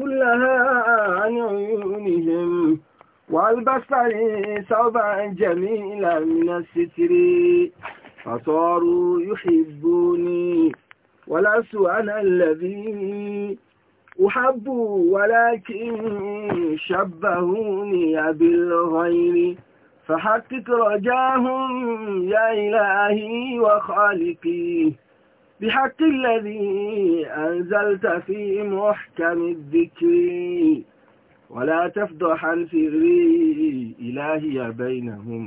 كلها عن عيونهم والبصر ثوبا جميلا من الستر فصاروا يحبوني ولست أنا الذي أحب ولكن شبهوني بالغير فحقق رجاهم يا إلهي وخالقي بحق الذي أنزلت في محكم الذكر ولا تفضحا سري إلهي بينهم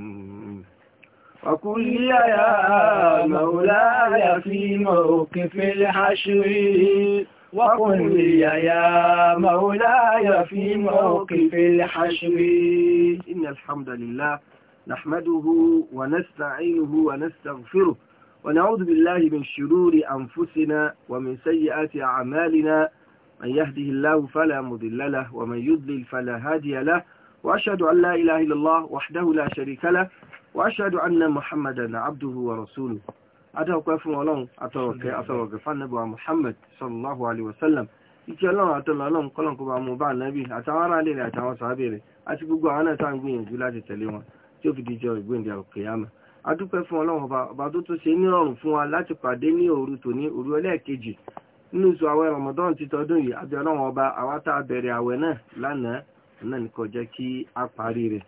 وقل لي يا مولاي في موقف الحشر وقل لي يا مولاي في موقف الحشر إن الحمد لله نحمده ونستعينه ونستغفره ونعوذ بالله من شرور أنفسنا ومن سيئات أعمالنا من يهده الله فلا مضل له ومن يضلل فلا هادي له وأشهد أن لا إله إلا الله وحده لا شريك له وأشهد أن محمدا عبده ورسوله أتوقع فما لهم أتوقع أتوقع فالنبوة محمد صلى الله عليه وسلم ìkẹ́ ọlọ́run àtọ́lọ́ ọlọ́run kọ́lọ̀kọ́ bá mú bá náàbí àtàwọn ará lè àtàwọn sàábẹ̀rẹ̀ àti gbogbo àwọn náà tàà ń gbìyànjú láti tẹ̀lé wọn tí ó fi díjọ ìgbéǹdà òkè àmà adúpẹ́ fún ọlọ́run ọba ọba tó tún ṣe nírọ̀rùn fún wa láti pàdé ní òru tòní òru ẹlẹ́ẹ̀kejì nínú oṣù àwẹ̀ ramadan ti tọdún yìí abẹ́ ọlọ́run ọba àwa tá a bẹ̀rẹ̀ àwẹ̀ náà lánàá náà ní kó jẹ́ kí a parí rẹ̀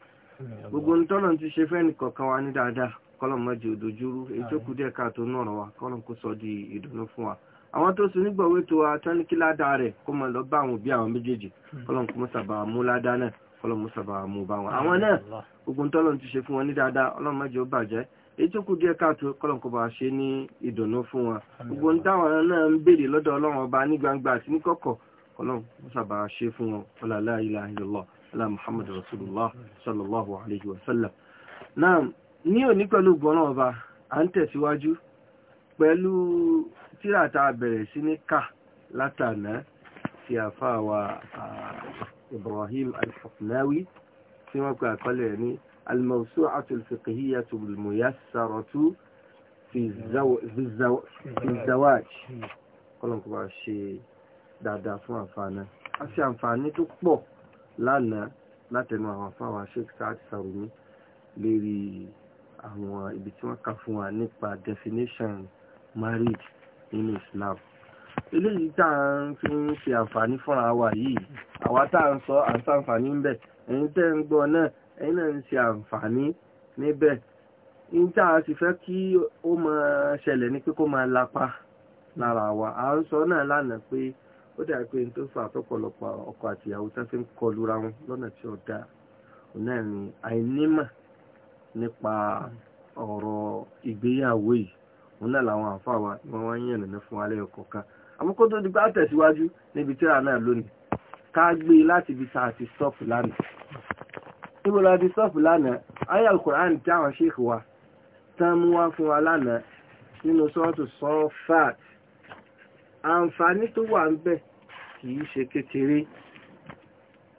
gbogbo ní tọ́lọ̀ ti ṣe fẹ́ni kọ̀ọ̀kan wa ní dáadáa kọ́lọ̀n mọ́jì òdòjúrú èyí tó kù díẹ̀ káàtó náà rọ̀ wa kọ́lọ̀n kó sọ di ìdùnnú fún wa àwọn tó sun nígbàwé tó wa tán kí ládàá rẹ̀ kó mọ̀ lọ bá àwọn òbí àwọn méjèèjì kọ́lọ̀n kó mọ́ sàbà mú ládàá náà kọ́lọ̀n sàbà mú bá wọn àwọn náà gbogbo ntọ́lọ́n ti ṣe fún wọn ní dáadáa ọlọ́run má jẹ́ ó bàjẹ́ èyí tó kù díẹ̀ káàtó kọ́lọ̀kọ́ bá ṣe ní ìdùnnú fún wọn gbogbo ntáwọn náà ń béèrè lọ́dọ̀ ọlọ́run ọba ní gbangba àti ní kọ̀kọ̀ ọlọ́run sábà wọn rasulullah sallallahu alayhi wa sallam. náà ní òní pẹ̀lú gbọ́nà ọba à ń tẹ̀síwájú pẹ̀lú tíráta bẹ̀rẹ̀ sí ní ká látàná ti tí wọ́n pe àkọlé ní al-mawsu'atu al-fiqhiyyatu al-muyassaratu fi zawaj kọ́lọ̀kọ́ bá ṣe dáadáa fún àǹfààní a ṣe àǹfààní tó pọ̀ lánàá látẹnu àwọn afáwà sheikh saad sarumi lérí àwọn ibi tí wọ́n kà fún wa nípa definition marriage nínú islam eléyìí tá à ń fi ń ṣe àǹfààní fúnra wa yìí àwa tá à ń sọ à ń bẹ̀ ẹ̀yin gbọ́ náà ẹ̀yin náà ń ṣe àǹfààní níbẹ̀ ní tá a sì fẹ́ kí ó máa ṣẹlẹ̀ ní pé kó máa lapa lára wa à ń sọ náà lánàá pé ó n tó fa atọpọlọpọ ọkọ àti ìyàwó tá fi ń kọlu ra wọn lọ́nà tí ó dáa ni àìnímọ̀ nípa ọ̀rọ̀ ìgbéyàwó yìí òun náà làwọn àǹfà wa ni wọ́n kan tó níbi tíra ká gbé e láti ibi tá a ti sọ́ọ̀pù lánàá níbo la ti sọ́ọ̀pù lánàá ayé alukur'an tí àwọn ṣèkì wa tán mú wá fún wa lánàá nínú sọ́ọ̀tù sọ́ọ̀fàt àǹfààní tó wà ń bẹ̀ kìí ṣe kékeré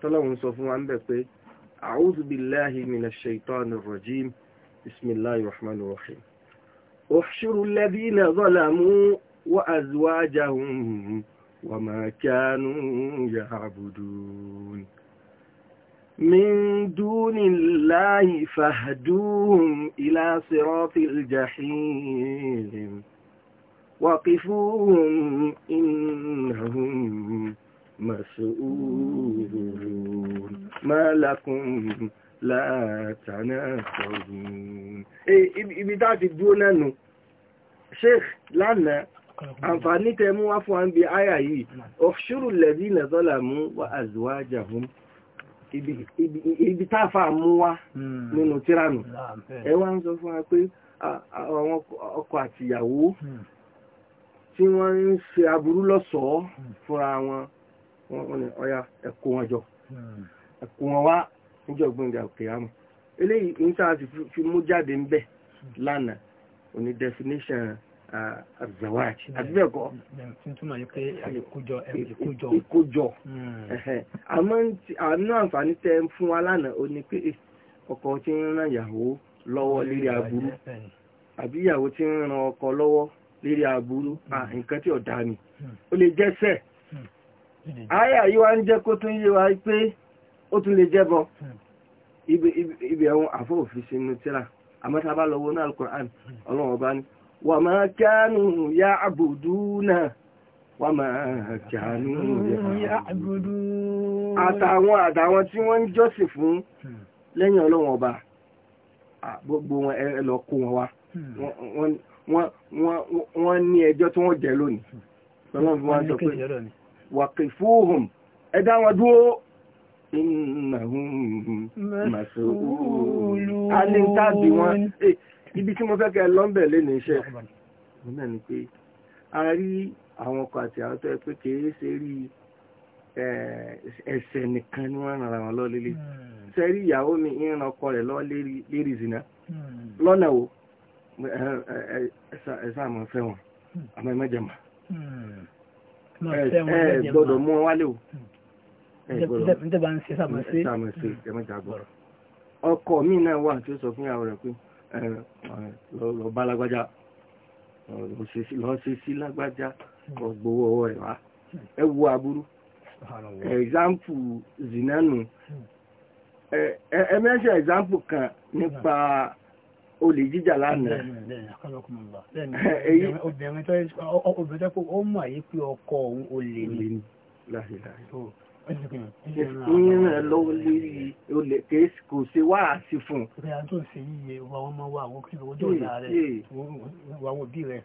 tọ́lọ́run sọ fún wa ń bẹ̀ pé a'udhu billahi minash shaitani rajim bismillahir rahmanir rahim uhshuru alladhina zalamu wa azwajahum وما كانوا يعبدون من دون الله فاهدوهم إلى صراط الجحيم وقفوهم إنهم مسؤولون ما لكم لا تنافرون ibi tá a ti dúró náà nù sheikh àǹfààní tẹ mú wá fún wa ń bi àyà yìí ọ̀ṣùrù lẹ́bí nàzọ́là mú wá àzùwájà fún ibi táàfà mú wá nínú tíránù ẹ wá ń sọ fún wa pé àwọn ọkọ àtìyàwó hmm. tí wọ́n ń ṣe aburú lọ́sọ̀ọ́ hmm. fúnra wọn wọ́n ní ọya ẹ̀kọ́ wọn jọ hmm. ẹ̀kọ́ wọn wá níjọ́ gbọ̀ngà òkè àmọ́ eléyìí ń sáà fi mú jáde ń bẹ̀ lánàá òní definition azawaj àbíbẹ̀kọ́. tuntun mm, mm, mm, yìí pé ìkójọ ìkójọ. ìkójọ àmọ́ àánú àǹfààní tẹ ń fún wa lánàá ó ní pé eh, ọkọ tí ń ran ìyàwó lọ́wọ́ lérí aburú àbí ìyàwó tí ń ran ọkọ lọ́wọ́ lérí aburú ah, nǹkan tí ọ̀dà ni ó lè jẹ́sẹ̀ àyà yìí wá ń jẹ́ kó tún yé wa pé ó tún lè jẹ́bọ ibi ẹ̀wọ̀n àfọ̀òfin sínú tíra àmọ́ tá a bá lọ náà al ọlọ́run ọba ni. وما كانوا يعبدون وما كانوا يعبدون àtàwọn àtàwọn tí wọ́n ń jọ́sìn fún hmm. lẹ́yìn ọlọ́wọ̀n ọba gbogbo wọn ẹ lọ kó wọn wá hmm. wọ́n ní ẹjọ́ tí wọ́n jẹ lónìí hmm. lọ́nà bí wọn dúró innahum mas'ulun alẹ́ ń tàbí wọn eh, ibi tí mo fẹ́ kẹ́ lọ́ńbẹ̀ lẹ́nu iṣẹ́ náà ni pé a rí àwọn ọkọ̀ àti àwọn tó ẹ pé kìí ṣe rí ẹsẹ̀ nìkan ni wọ́n ràn wọ́n lọ lélẹ̀ sẹ́rí hmm. ìyàwó mi ń ran ọkọ rẹ̀ lọ lérí zina hmm. lọ́nà wo ẹ̀sà àmọ́ fẹ́ wọn hmm. àmọ́ ẹ mẹ́jẹ̀ mà ẹ gbọ́dọ̀ mú wọn wálé o ọkọ mi náà wà tí ó sọ fún ìyàwó rẹ̀ pé lọ bá lágbájá lọ sí sí lágbájá ọgbówó ọwọ́ wá ẹ aburú ẹ̀zámpù zinanu ẹ̀zámpù kan nípa olè jíjà lánàá. Eh, eh, obìnrin tó ìrìn lọ lè olè ké kò ṣe wá àti fún. ìrìn àjò ṣe yíyẹ wà wọn máa wà wọn kí ọjọ́ ìlà rẹ̀ wà wọn bí rẹ̀.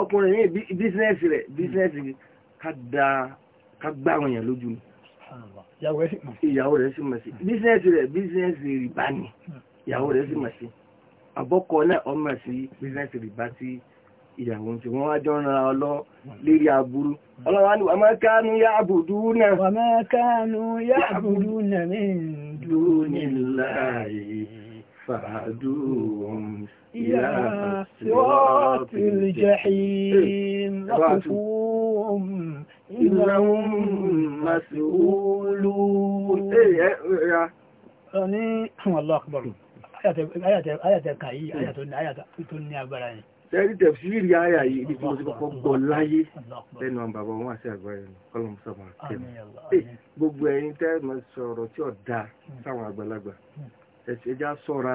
ọkùnrin yìí bísínẹ́sì rẹ̀ bísínẹ́sì ká gbá àwọn èèyàn lójú ni. ìyàwó rẹ̀ sì mọ̀ sí. ìyàwó rẹ̀ sì mọ̀ sí. bísínẹ́sì rẹ̀ bísínẹ́sì rìbá ni hmm. ìyàwó rẹ̀ sì mọ̀ sí. àbọ̀kọ náà ọmọ sí bísínẹ́sì rìbá tí ìyàwó tí wọ́n wá jọ ràn án lọ lérí aburú ọlọ́wà ní wàmá kánú yá àbùdú náà wàmá kánú yá àbùdú náà ní ìdú níláàrí fàádù ìyá sọ́ọ̀tì jẹ́hìn lọ́kùnfún ìlànà màṣíwúlù ní àwọn aláàkùbọ̀rù ayàtẹ̀ka yìí ayàtọ̀ ní agbára yìí tẹ́rí tẹ̀síìrì àyà yìí ní mo ti kọ́kọ́ gbọ́ láyé lẹ́nu àwọn bàbá wọn àti àgbà yẹn kọ́lọ́mù sọ̀mọ́ àkẹ́mi gbogbo ẹ̀yin tẹ́ mọ sọ̀rọ̀ tí ò da sáwọn àgbàlagbà ẹ̀ṣẹ̀já sọ̀ra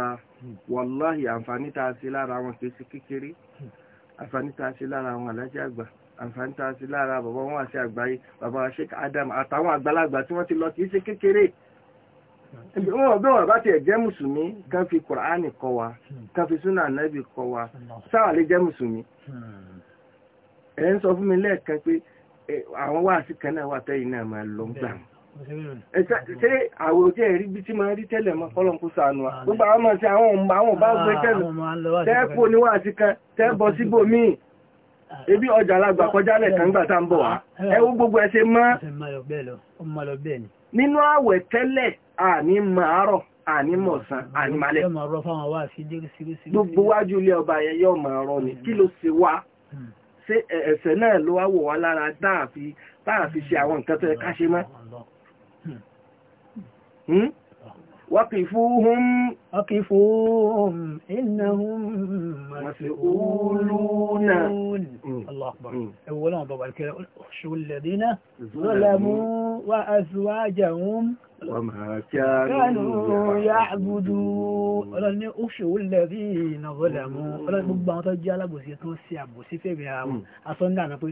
wàláhì àǹfààní tá a ṣe lára àwọn kèsì kékeré àǹfààní tá a ṣe lára àwọn alájẹ àgbà àǹfààní tá a ṣe lára bàbá wọn àti àgbà yìí bàbá Sheikh Adam àtàwọn àgbàlagbà tí wọ́n ti lọ kìí ṣe kékeré wọ́n bí wọ́n bá tiẹ̀ jẹ́ mùsùlùmí kan wa kan fi súnà sọ fún mi pé àwọn wáàsí kan náà wà tẹ́yìn náà máa lọ gbà ṣe àwọn òjò ẹ̀rí bí tí máa rí kó sànù wa gbogbo àwọn àwọn àwọn ah, ebi ọjà alagba kọjá gbà tá ah, ah. gbogbo ẹ ṣe nínú àní mọ̀ àárọ̀ àní mọ̀ ọ̀sán àní malẹ̀ gbogbo wájú ilé ọba yẹn yóò mọ̀ ọ̀rọ̀ ni kí ló ṣe wá hmm. ṣé ẹ̀ṣẹ̀ náà ló wá wọ̀ wá lára táàfi ṣe àwọn nǹkan tó yẹ ká ṣe mọ́ وقفوهم وقفوهم إنهم مسؤولون الله أكبر أولا ضبع الكلام اخشوا الذين ظلموا وأزواجهم وما كانوا يعبدون ọlọ́run ní oṣù lẹ́bí iná ọlọ́mú mm. ọlọ́run gbogbo àwọn tó jẹ́ alábòsí tó ṣe àbòsí fẹ́mi àwọn mm. asọ́nà pé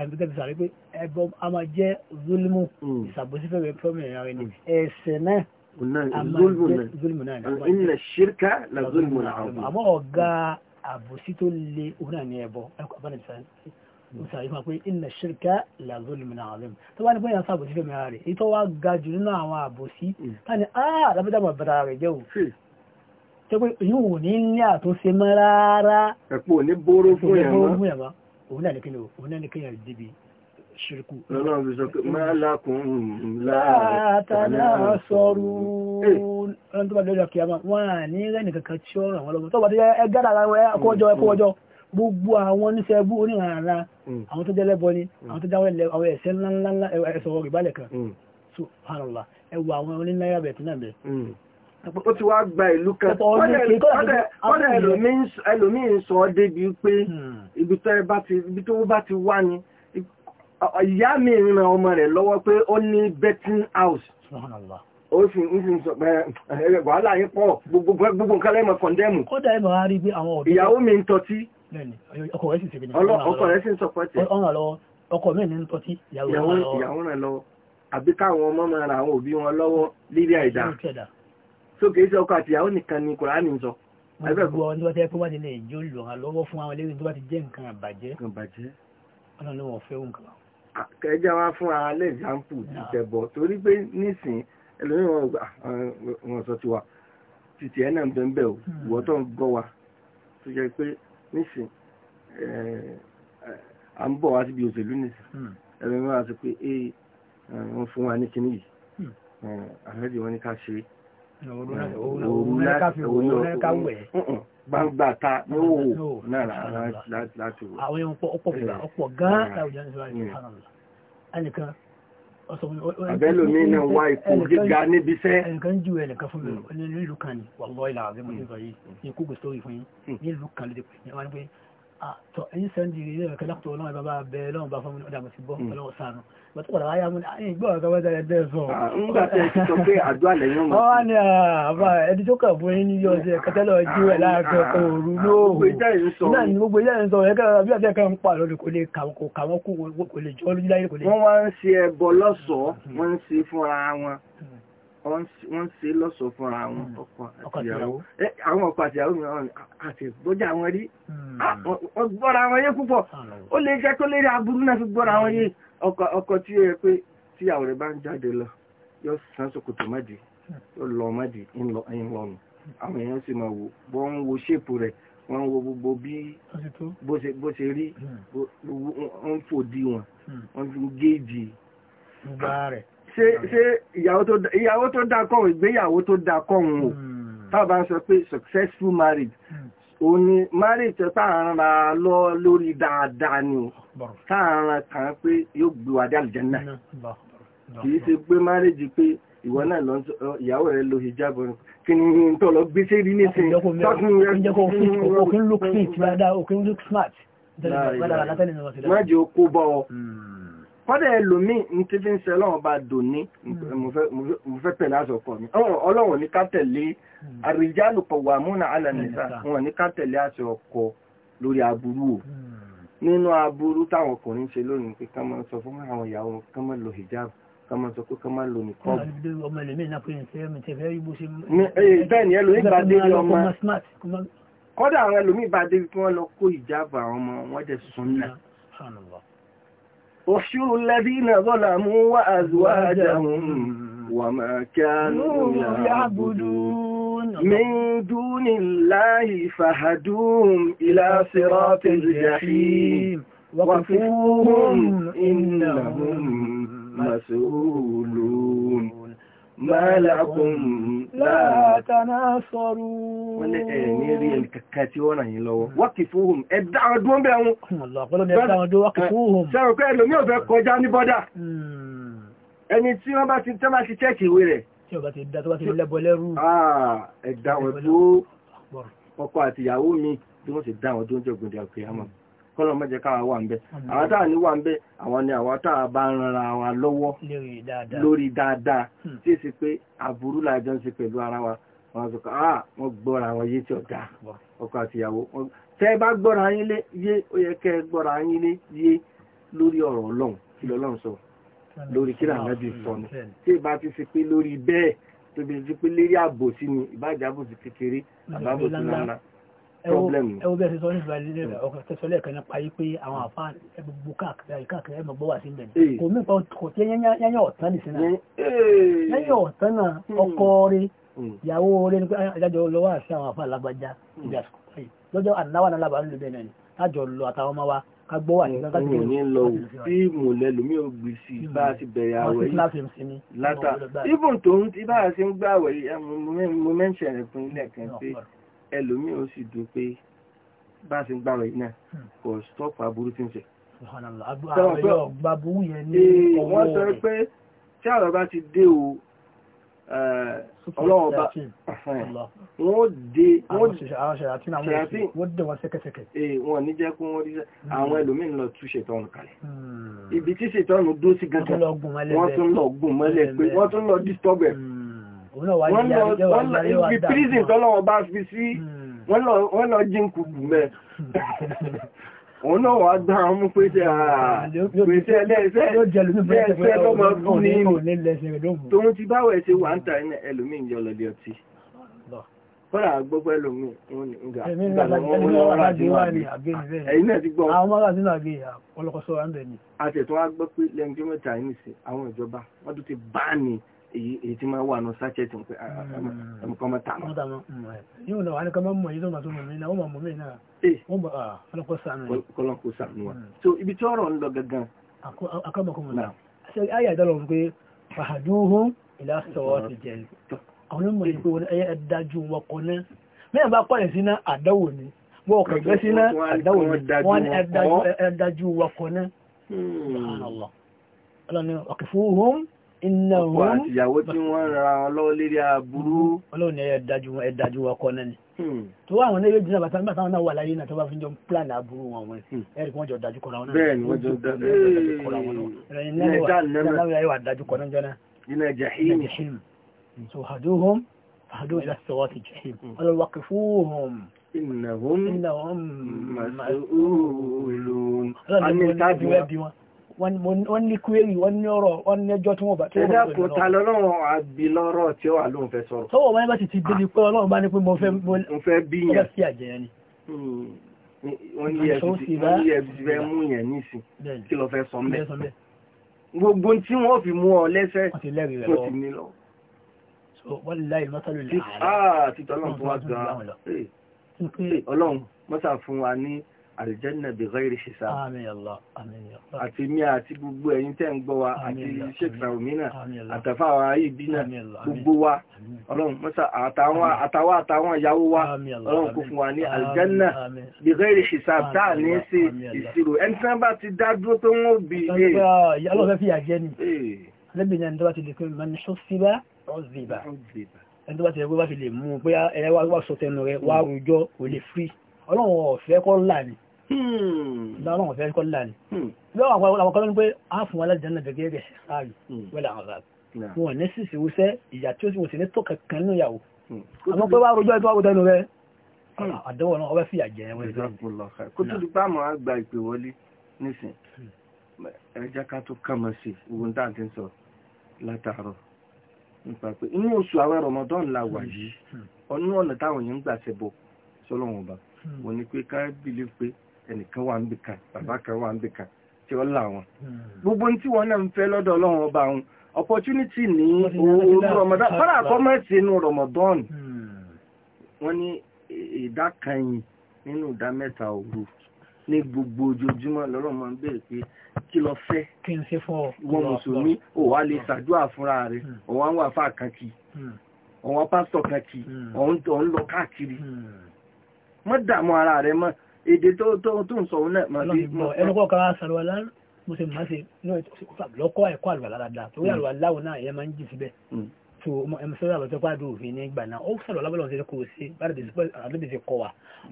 àìbẹ́tẹ̀ sàrí pé ẹbọ a máa jẹ́ zulmu mm. ìṣàbòsí fẹ́mi fẹ́mi ẹ̀yàn rẹ̀ ni ẹ̀ṣẹ̀ náà zulmu náà inna shirka la zulmu náà àmọ́ ọ̀gá àbòsí tó le òun náà ní ẹbọ ẹ̀kọ́ abánibísà ó sàrí fún wa pé inna shirka la zulmun azim tó bá ní pé yàn sábò sí fẹ́mi ara rẹ̀ èyí tó wá ga jù nínú àwọn àbòsí hmm. tani ah lábẹ́dá mọ̀ bàtà rẹ̀ jẹ́ o hmm. tó pé yóò ní ní àtúnṣe mọ́ rárá ẹ̀pọ̀ ní bóró fún yàmá òun náà ní kí ni òun náà ní kí yàn dìbì ṣirkú. Ọlọ́run fi sọ pé máa lákùn látàlá sọ́rún. Ẹni tó bá lórí ọkẹ́ gbogbo àwọn oníṣẹ́ ẹbú oníhàrá hmm. àwọn tó jẹ́lẹ́bọ ni hmm. àwọn tó jáwọ́ ilẹ̀ àwọn ẹ̀ṣẹ̀ ńláńlá ẹ̀ṣẹ̀ ọ̀rọ̀ ìbálẹ̀ kan hmm. subhanallah ẹ wo àwọn oníláyà bẹ̀ tún náà bẹ̀. ó ti wá gba ìlú kan kọ́dà ẹlòmíì ń sọ ọ́ débi pé ibi tó bá ti wá ni ìyá mi ọmọ rẹ̀ lọ́wọ́ pé ó ní betting house ó sì ń sọ pé wàhálà yín gbogbo nǹkan lẹ́mọ̀ kọ̀ndẹ́mù. ọkọ rẹ̀ sì ṣe bìnrin ọkọ rẹ̀ sì ń sọpọ́tì ọ̀ràn lọ́wọ́ ọkọ mi ní tọ́tí ìyàwó rẹ̀ lọ́wọ́ àbí káwọn ọmọ máa ra àwọn òbí wọn lọ́wọ́ lílé àìdá sókè iṣẹ́ ọkọ àti ìyàwó nìkan ni Kùránì ń sọ gbogbo ọ̀n tó bá tẹ́ pé wá nílé ìjó lò hàn lọ́wọ́ fún àwọn eléyìí tó bá ti jẹ́ nǹkan àbàjẹ́ ọ̀nà wọn fẹ́ nǹkan. kẹjá wá fún ara lẹ́jàmpù ìtẹ̀bọ̀ torí pé nísìn ẹlòmíràn wọn sọ tiwa títí ẹ̀ náà ń bẹ̀ ń bẹ̀ ò hmm. wọ́tọ̀ ń gbọ́ wa tó jẹ́ pé nísìn à ń bọ̀ wá síbi òṣèlú nìsìn ẹ̀rọ máa sọ pé ẹ wọ́n fún wa ní kinní yìí àfẹ́bí wọn ní ká ṣe gbangba ta ní òwò náà láti wò. àwọn èèyàn pọ̀ gan-an láwùjọ ní ìṣòro àìsàn ẹnìkan àbẹ́lòmí náà wá ipò gíga níbi iṣẹ́ ẹnìkan jù ẹnìkan fún mi hmm. nílùú kan ni wàlọ́ ìlà àbẹ́mọ̀ nígbà yìí hmm. ikú gbèsè orí fún yín hmm. nílùú kan lè dé pé Ah, tọ́ ẹ̀yìn sẹ́ndì ilé ẹ̀kẹ́ lápútọ̀ ọlọ́run bàbá bẹ̀ẹ́ lọ́run bá fọ́mùn ọdá mọ̀sí bọ́ ọlọ́run sànù bàtí pọ̀lá wáyá mú ìgbọ́ ọ̀gá wẹ́dẹ̀ ẹ̀dẹ́ sọ. Ah, ńgbà tẹ ẹ ti sọ pé àdúrà lẹ́yìn ọmọ. ọ ní ah, àbá ẹni tó kàn fún yín yọ ọsẹ kẹtẹ lọ jí ẹ láàbẹ òru lóòrùn. náà ni gbogbo ìyá ń sọ ẹkẹ bí ọsẹ kan ń pa lórí kò lè kà kò kà wọn kò lè jọ lójú láyé kò lè. wọ́n wá ń ṣe ẹbọ lọ́sọ̀ọ́ wọ́n ń ṣe fúnra wọn wọ́n ṣe lọ́sọ̀ fúnra àwọn hmm. ọkọ àti eh, àwọn ọkọ àti ìyàwó mìíràn àti ìgbọ́jà wọn rí hmm. ah, gbọ́ra wọn yé púpọ̀ ó lè jẹ́ kó lérí aburú náà fi gbọ́ra wọn yé ọkọ tí ó yẹ pé tí ìyàwó rẹ̀ bá ń jáde lọ yóò san ṣòkòtò mádìí yóò lọ mádìí ń lọnù àwọn èèyàn sì máa wò wọ́n ń wo ṣépù rẹ̀ wọ́n ń wo gbogbo bí bó ṣe rí hmm. wọ́n ń fòdí wọn wọ́n fi ń géèjì ṣe ìyàwó tó dá kọ́hùn ìgbéyàwó tó dá kọ́hùn o hmm. tábà ń sọ pé successful marriage o hmm. ni marriage tó tààrà lọ lórí dáadáa ni o tààrà kan pé yóò gbé wa dé àlùjànnà hmm. kìí ṣe pé marriage pé ìwọ náà lọ ìyàwó rẹ lo hijab rẹ kí ni tó lọ gbé sí rí ní sin tọkùn rẹ òkín look fit rather òkín look smart. Májò kó bọ́ ọ kọ́dẹ̀ ẹlòmíì ní tí fi ń ṣe ọlọ́run bá dòní hmm. mo fẹ́ tẹ̀lé àṣọkọ mi ọlọ́run ní ká tẹ̀lé àrìjálù hmm. qawwamuna ala hmm. nisa wọn ní ká tẹ̀lé àṣọkọ lórí aburú o nínú aburú táwọn ọkùnrin ṣe lónìí pé ká máa sọ fún àwọn ìyàwó ká máa lo hijab ká máa sọ pé ká máa lo nìkan. Eh, bẹ́ẹ̀ ni ẹlòmíì bá dé ọmọ kọ́dà àwọn ẹlòmíì bá dé kí wọ́n lọ kó ìjábọ̀ àwọn ọmọ wọn jẹ́ sunna. احشروا الذين ظلموا وأزواجهم وما كانوا يعبدون من دون الله فهدوهم إلى صراط الجحيم وقفوهم إنهم مسؤولون ما لكم لا تناصرون wọ́n ní rí ẹni kàkà tí wọ́n ràn yín lọ́wọ́ hmm. wákìfúhùn ẹ̀dá ọdún bẹ̀ wọn sẹ́rùn pé ẹlòmí ò fẹ́ kọjá ní bọ́dà hmm. ẹni tí wọ́n bá ti tẹ́ bá ti tẹ́ẹ̀kì ìwé rẹ̀ tí ọba ti dá tó bá ti lẹ́bọ lẹ́rú ah, ẹ̀dá wọn tó ọkọ àtìyàwó mi tí wọ́n sì dá wọn tó kọ́lọ̀ mẹ́jẹ káà wà ń bẹ́ àwọn táà ní wà ń bẹ́ àwọn ni àwọn táà bá ń ran wa lọ́wọ́ lórí dáadáa hmm. tí èsì pé àbúrú làjọ ń ṣe pẹ̀lú ara wa wọn sọ ah wọn gbọ́ra wọn yé tí ó dáa ọkọ àtìyàwó tẹ́ bá gbọ́ra yín lé yé ó yẹ kẹ́ gbọ́ra yín lé yé lórí ọ̀rọ̀ ọlọ́run kí lọ́lọ́run sọ lórí kí làǹdàbí sọnù tí ìbá ti fi pé lórí bẹ́ẹ̀ tóbi ti pé lérí àbòsí ni ìbájà ẹwọ bẹ́ẹ̀ sọ nípa ilé hmm. ọkọ̀ tẹ́sọlẹ̀ kan nípa yí pé àwọn àfáà gbogbo káàkiri ẹmọ gbọ́ wà sí ibẹ̀ kò mí pa kò tí yẹ́yẹ́ ọ̀tán nì sínú yẹ́yẹ́ ọ̀tán náà hmm. ọkọ rẹ hmm. ìyàwó rẹ ní pé ah, ajájọ lọ́wọ́ àti àwọn àfáà lágbájá ibi àsìkò yìí lọ́jọ́ àdáwà náà lábàá nílùú bẹ́ẹ̀ lájọ lọ àtàwọn ọmọ wa ká gbọ́ wà nígbà tí mo ní lọ wò bí mo lẹ lómi ò gbé sí i bá a ti bẹ̀rẹ̀ àwẹ̀ yìí látà ibùn tó ń ti bá a ti ń gbà àwẹ̀ yìí eh, mo mẹ́ńṣẹ̀ rẹ̀ fún ilẹ̀ kan pé ẹlòmíì ó sì dùn pé bá a ti ń gbà wẹ̀ náà hmm. kò stop aburú tí ń ṣe. wọ́n sọ pé tí àrọ̀ bá ti dé o ọlọ́wọ́ bá wọ́n dé wọ́n dé wọn sẹ́kẹ́sẹ́kẹ́. wọn ní jẹ́ kó wọ́n rí hmm. àwọn ẹlòmíì lọ tú ṣètọ́nù kalẹ̀. Hmm. ibi tí ṣètọ́nù dó sí gangan wọ́n tún lọ gùn mọ́lẹ̀ pé wọ́n tún lọ disturb ẹ̀ wọ́n lọ ibi prison tọ́lọ́wọ́ bá fi sí hmm. wọ́n lọ jí ń kùkù mẹ́ òun náà wà dá àwọn mú pèsè àpèsè ẹlẹ́ẹ̀ṣẹ́ ẹlẹ́ẹ̀ṣẹ́ lọ́mọ fún ní tóun ti báwẹ̀ ṣe wà ń ta ẹ̀yìn náà ti gbọ́ àwọn ọmọ láti náà gbé ọlọ́kọ̀ọ́sọ́ èyí tí máa wà ní sáchẹ́tì pé ẹmùkọ́ mọ́ tààmù. yóò lọ àníkọ́ mọ́ mọ̀ yìí tó máa tó mọ̀ mí náà wọ́n mọ̀ mọ̀ mí náà eh. wọ́n bọ̀ ah, ọlọ́kọ́ sànù. kọ́lọ́kọ́ sànù wa mm. so ibi tí ọ̀rọ̀ ń lọ gangan. akọ́mọkọ́mọ náà ṣe ayé àdọ́lọ́ wọn pé fàdúhù ìlà sọ̀rọ̀ ti jẹ́ àwọn ọmọ yìí pé wọ́n ẹyẹ dájú wọn kọ náà mẹ́rin bá kọ́ ẹ̀sìn náà àdáwò ni wọ́n kọ̀ gbé sí náà àdáwò ni wọ́n ẹ̀dájú wọn kọ náà. ọlọ́ni ọ̀kẹ́fọ́ iná rú ọkọ àtìyàwó tí wọ́n ra ọlọ́wọ́ lérí aburú ọlọ́run ẹ dájú ẹ dájú ọkọ náà ni hmm. tó àwọn onílé jìnnà bàtà nígbà táwọn náà wà láyé náà tó bá fi jọ plan aburú wọn wọn hmm. ẹrí kí wọ́n jọ dájú kọra wọn náà bẹ́ẹ̀ ni wọ́n jọ dájú kọra wọn náà ẹ̀yìn náà wà dájú kọ hmm. náà wọ́n ní kúrẹ́rì wọ́n ní ọ̀rọ̀ wọ́n ní ẹjọ́ tí wọ́n bá tó wọ́n bá tó lọ́wọ́. lọ́rọ̀ tí ó wà lóun fẹ́ sọ̀rọ̀. tọ́wọ́ wọn bá ti ti débi ah. pé ọlọ́run bá ní pé fẹ́ mo fẹ́ hmm. wọ́n yí ti fẹ́ mú yẹn nísìn kí ló fẹ́ sọ aljanna bi ghairi hisab àmín Allah àmín Allah àti mi àti gbogbo ẹ̀yin tẹ́ ń gbọ́ wa àti sheikh raumina àtàfà wa ayé bínà gbogbo wa ọlọ́run mọ́sá àtàwọn àtàwọn ìyàwó wa ọlọ́run kò fún wa ní aljanna bi ghairi hisab táà ní sí ìṣirò ẹni tí wọ́n bá ti dá dúró pé wọ́n bí ilé ọlọ́fẹ́ fi àjẹ́ ni lẹ́bìnrin ẹni tó bá ti lè pé mẹ́ni ṣọ́síbá ọ̀zìbá bá ti lè pé bá ti lè wá sọ tẹnu rẹ̀ wá rújọ́ kò lè fi ọlọ́run ọ̀fẹ́ kọ́ là ní dáwọn hmm. ọ̀fẹ́ kọ́ láàrin lọ́wọ́ hmm. àwọn kọ́lọ́ ní pé a fún wọn láti jẹ́nà gẹ́gẹ́ rẹ̀ sáàrì hmm. wẹ́lẹ̀ àwọn ọ̀rọ̀ wọn ní sísè wúṣẹ́ ìyà tí ó sì wọ́n sì ní tó kankan nínú ìyàwó àmọ́ pé wá rojọ́ ìtọ́ àwòtẹ́nu rẹ̀ àdánwò náà ọbẹ̀ fìyà jẹ́ wọn. kó tó di pàmò àgbà ìpè wọlé nísìn ẹja ká tó kàmọ sí ogun tá à ti ń sọ látàárọ̀ nípa pé inú oṣù àwọn Ramadan la wà yìí ọ̀nà ọ̀nà táwọn yẹn ń gbà ṣẹbọ sọlọ́wọ́n ọba wọn ni pé ká ẹnìkan wà ń bì kan bàbá hmm. kan wà ń bì kan tí ó là wọn. Hmm. gbogbo ní tí wọn náà ń fẹ́ lọ́dọ̀ ọlọ́run ọba wọn opportunity ní ooru ramadan fara àkọ́mọ̀sí inú ramadan hmm. wọ́n ní ìdá kanyìn nínú ìdá mẹ́ta òru ní gbogbo ojoojúmọ́ lọ́rọ̀ máa ń béèrè pé kí lọ fẹ́ kí n ṣe fọ́ wọn mùsùlùmí ò wá lè ṣàdúrà fúnra rẹ̀ òun àwọn àfa kan kì òun pásítọ̀ kan kì òun lọ káàkiri mọ́ dààmú ara rẹ̀ mọ́ èdè tó tó ń sọ òun náà máa fi mọ̀. ẹnu kọ́ kára sàrọ̀ alá mo ṣe máa ṣe lọ́kọ́ ẹ̀kọ́ àlùwàlá dáadáa torí hmm. àlùwàlá òun náà ìyẹn máa ń jì síbẹ̀ hmm. tó ẹmu sọ́dọ̀ àlọ́tọ́ pàdé òfin ní ìgbà náà ó sọ̀rọ̀ lábọ́lọ́ wa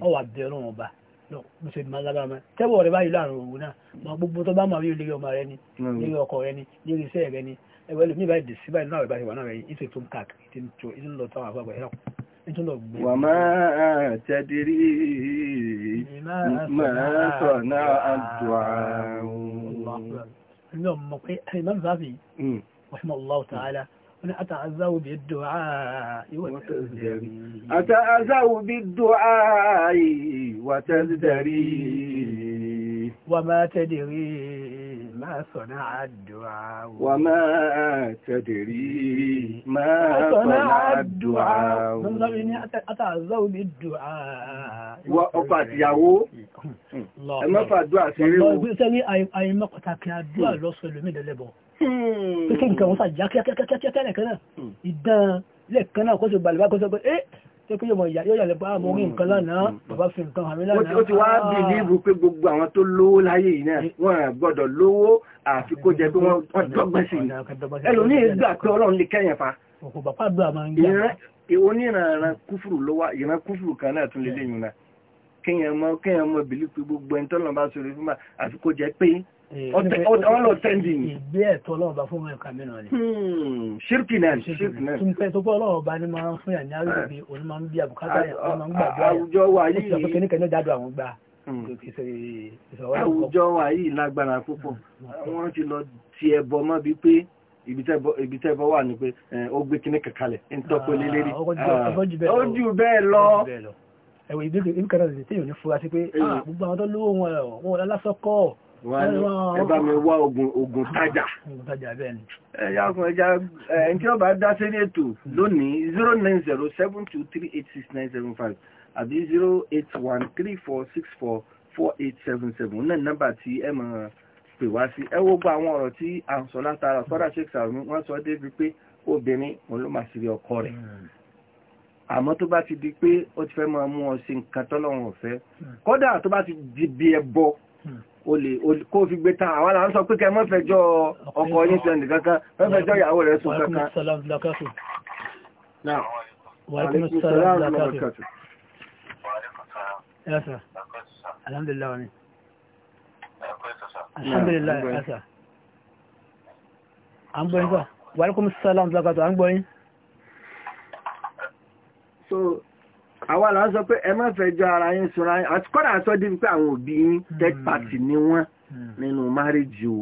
ọ wà bẹ ọlọ́run ọba mo ṣe máa lábára mọ́ tẹ́wọ̀ rẹ báyìí láàrin òun náà mọ gbogbo tó bá máa rí olórí ọmọ rẹ hmm. وما تدري ما صنع الدعاء اليوم الإمام زافي رحمه الله تعالى أتعزوا بالدعاء وتزدري أتعزوا بالدعاء وتزدري وما تدري ما صنع الدعاء وما تدري ما صنع الدعاء lọ́rin ní àtàzáwò ní dùá. ọkọ àtìyàwó ẹ mọ́fà dùá sí rí wọn. ọgbẹ́ sẹ́rí àìmọ́ pàtàkì àdúrà lọ́sọ ìlú mìírànlẹ́bọ̀. Hmm. pé kí nǹkan wọn sàjá kíákíákíá tẹ́lẹ̀ kan náà hmm. ìdán lẹ́ẹ̀kan náà kó ṣé pé yóò yà lẹ́pọ̀ àmọ́ ah, orí nǹkan lánàá mm, mm, mm. bàbá fi nǹkan àmì lánàá. ó ti wá ah. bí nílùú pé gbogbo àwọn tó lówó láyé yìí náà eh. wọ́n gbọ́dọ̀ lówó àfi kó jẹ́ pé wọ́n dọ́gbọ́n sí i ẹlòmíì gbà pé ọlọ́run lè kẹ́yìn fa. òkú bàbá àdúrà máa ń gbà. oníran kúfùrù ló wá ìran kúfùrù kan náà tún lè eh. léyìn náà kéèyàn mọ kéèyàn mọ bìlí ọlọ́tẹ́ndì ni. ìgbé ẹ̀tọ́ ọlọ́run bá fún ẹ̀ka mìíràn ni. ṣírkì náà ṣírkì náà. tùǹpẹ́ tó pọ̀ ọlọ́run bá ní máa ń fún yàn ní àrùbí eh. òní máa ń bí àbùkátà yàn àwùjọ wa yìí ó ti hmm. wa yìí lágbára púpọ̀ hmm. Hmm. wọ́n ti lọ ti ẹbọ mọ́ bíi pé ibi tẹ́bọ wà ní pé eh, ó gbé kíní kankalẹ̀ ń tọ́pọ̀ lé lérí. Ah, ah, ó jù bẹ́ẹ̀ lọ ẹ̀wọ̀n ìbí ẹbá mi wá ogun tajà ẹ̀yà fún ẹja ẹni tí ó bá dá sí ní ètò lónìí 09072386975 àbí 08134644877 náà nọ́mbà tí ẹ máa pè wá sí ẹ wo gba àwọn ọ̀rọ̀ tí à ń sọ látara fọ́dà sheik sàrùmí wọ́n sọ débi pé obìnrin òun ló máa ṣeré ọkọ rẹ̀ hmm. àmọ́ tó bá ti di pé ó ti fẹ́ máa mú ọ sí nǹkan tọ́lọ́run ọ̀fẹ́ hmm. kódà tó bá ti di bí ẹbọ kó fi gbé tán àwọn àwọn sọ pé kẹ mọ́ fẹjọ́ ọkọ yín tẹ́ nìkan kan mọ́ fẹjọ́ ìyàwó rẹ̀ sùn kankan. Alhamdulillah. Alhamdulillah. À ń gbọ́ yín sọ. Wàlúkùn sálàmù lákàtọ̀, à ń gbọ́ yín. So, àwa là ń sọ pé ẹ má fẹ́ jọ ara yín sunra yín àti kọ́dà sọ débi pé àwọn òbí yín hmm. third party ni wọ́n hmm. nínú márèjì o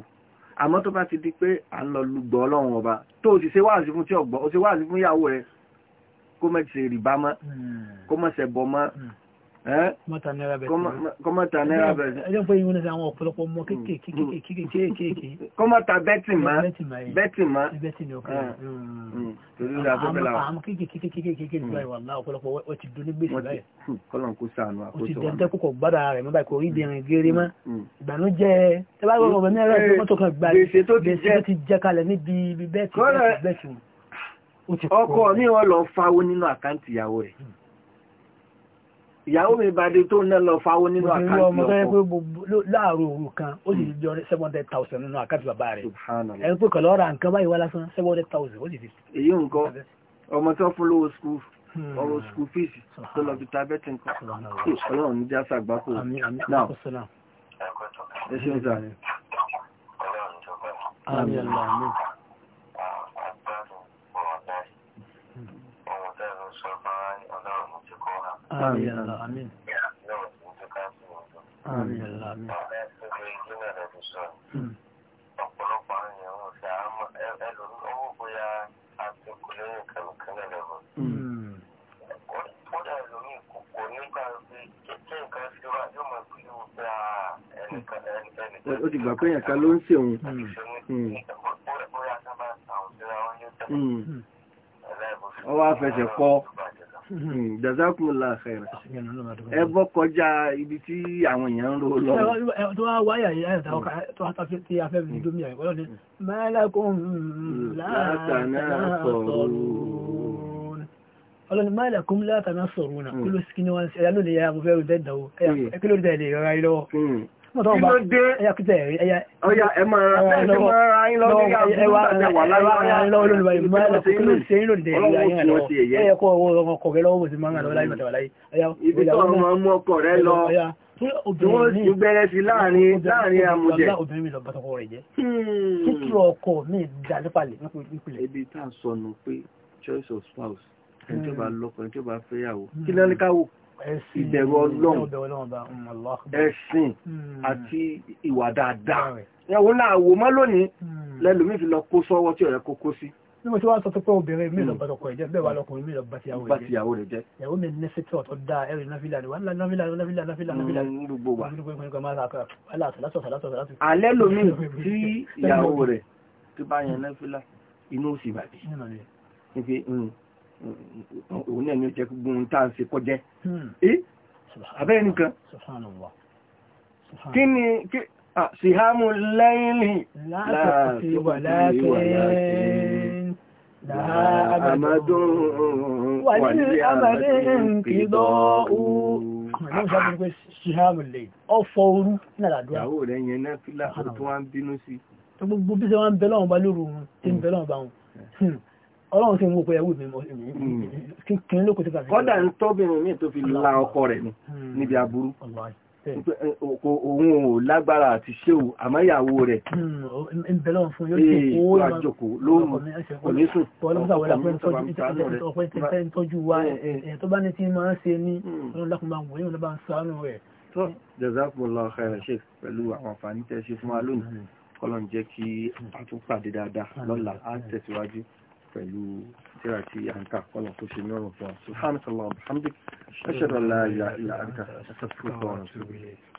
àmọ́ tó bá ti di pé à ń lọ lùgbọ́ ọlọ́run ọba tó o sì ṣe wáàsí fún tí ọ̀gbọ́ o ṣe wáàsí fún ìyàwó rẹ kó má ṣe rìbá mọ́ hmm. kó má ṣe bọ́ mọ́ kọ́mọ́ta náírà bẹ̀tì ẹjọ́ pé ìwọ́n náà àwọn ọ̀pọ̀lọpọ̀ ọmọ kéèkéèkéèkéèkéèké kọ́mọ́ta bẹ́tì má bẹ́tì má bẹ́tì ní ọkọ̀ àwọn kéèkéèkéèkéèkéèké ní báyìí wàlá ọ̀pọ̀lọpọ̀ wọ́n ti dún ní gbèsè báyìí kọ́lọ̀n kó sànù àkóso wọn. o ti dẹ́ntẹ́ kókò gbádà rẹ̀ mọ́ báyìí kò rí ìdẹ̀rìn géré mọ́ ìbànújẹ́ ẹ bá gbọ́dọ̀ bẹ̀rẹ̀ mẹ́rẹ̀ mọ́tò kan gbà gbèsè tó ti jẹ kalẹ̀ níbi bẹ́ẹ̀tì bẹ́ẹ̀tì ọkọ mi wọn lọ fáwọ́ nínú àkáǹtì ìyàwó rẹ̀ ìyàwó mi bá dé tó ń náà lọ fáwọ́ nínú àkáǹtì ọkọ. ọmọ ẹgbẹ́ láàárọ̀ òru kan ó sì jọ seven hundred thousand nínú àkáǹtì bàbá rẹ̀ ẹni pé kọ̀lọ́ ra nǹkan báyìí wá lásán seven hundred thousand ó sì di. èyí nǹkan hmm. ọmọ tó fún lówó skul ọrọ̀ skul fees tó lọ fi ta nǹkan ọlọ́run ní jásà gbáko. ẹ ṣeun sáré. àmín àmín. Amin. Àmín. Àmín. Àmín. Ọ̀pọ̀lọpọ̀ àwọn èèyàn ò fẹ́ àmọ́ ẹlòmí owó bóyá àtìkù ti gbà pé ẹ̀ka ló ń ṣe òun. Ọwọ́ afẹsẹ̀ pọ̀. Hmm, jazakumullah khaira ẹ bọ́ kọjá ibi tí àwọn èèyàn ń ro lọ. tó wá wáyà yìí àyà tó wá tafe tí a fẹ́ fi dómi àyè wọ́n ní malakum latanasarun. ọlọ́ni malakum latanasarun náà kí ló sì kí ni wọ́n ń ṣe ẹ̀yà lónìí yà mo fẹ́ rò o ẹ̀yà hmm. kí ló dẹ̀ lè rọra yìí lọ́wọ́. Hmm. Ọya ẹ máa ra yín lọ́wọ́ ní àbúrò àtẹ̀wà láyé olùwà ìmọ̀ ẹ̀lọ́pọ̀ kí ló ṣe yín lòdì ẹ̀yà yín lọ. Ẹyẹ kọ́ ọwọ́ ọkọ̀ rẹ lọ́wọ́ bó ti máa ń rà lọ́wọ́ láyé àtẹ̀wà láyé. Ibi tó ọmọ ọmọ ọkọ̀ rẹ lọ. Tí wọ́n bẹ̀rẹ̀ sí láàrin láàrin amújẹ. Obìnrin mi lọ bàtà ọkọ rẹ̀ jẹ́. Títí hmm. ọkọ mi dà nípalẹ̀ nípìnlẹ̀. Ibi tá a sọnù pé choice of spouse, ẹni tó bá hmm. lọ́kọ, ẹni tó bá fẹ́yàwó, hmm. kí lọ́ní ká wò? ìbẹ̀rù ọlọ́run mm, ẹ̀sìn mm. àti ìwà dáadáa ẹ̀wọ̀n náà wò mọ́ lónìí mm. lẹ́lòmí fi lọ kó sọ́wọ́ tí ọ̀rẹ́ kó kó sí bí mo ti wá sọ tó pé obìnrin mi lọ bá tọkọ ẹ̀ jẹ́ bẹ́ẹ̀ wà lọkùnrin mi lọ bá tìyàwó rẹ̀ jẹ́ ìyàwó mi ní sẹ́tì ọ̀tọ̀ dá ẹ̀rì náfìlà ni wàhálà náfìlà náfìlà náfìlà náfìlà gbogbo wa alẹ́ lomi tí ìyàwó rẹ̀ tó bá yẹn òun náà ni ó jẹ́ gbóhun tá à ń ṣe kọjẹ́ ẹ́ abẹ́rẹ́ nìkan kí ni ṣìhámù lẹ́yìnlì láàrín Gbogbo bí ṣe ń bẹ lọ́wọ́ bá lóru tí ń bẹ lọ́wọ́ bá wọn. Hmm. Hmm ọlọ́run sí mú pẹ̀yàwó mi hmm. kíkín ló kò tí kàfẹ́ kọ́dà ń tọ́bìnrin mi tó fi la ọkọ rẹ̀ ni hmm. níbi aburú òun ò lágbára àti ṣéwù àmọ́ ìyàwó rẹ̀ yóò àjòkó lóòrùn kò ní sùn ọ̀pẹ́ tẹ́fẹ́ ń tọ́jú wa tó bá ní tí máa ń ṣe ní hmm. ọlọ́run lákùnbà wòye wọn bá ń sàánú rẹ̀ a tún فلو تراتي عن تحق الله كل سبحانك اللهم وبحمدك أشهد أن لا إله إلا أنت أستغفرك وأتوب إليك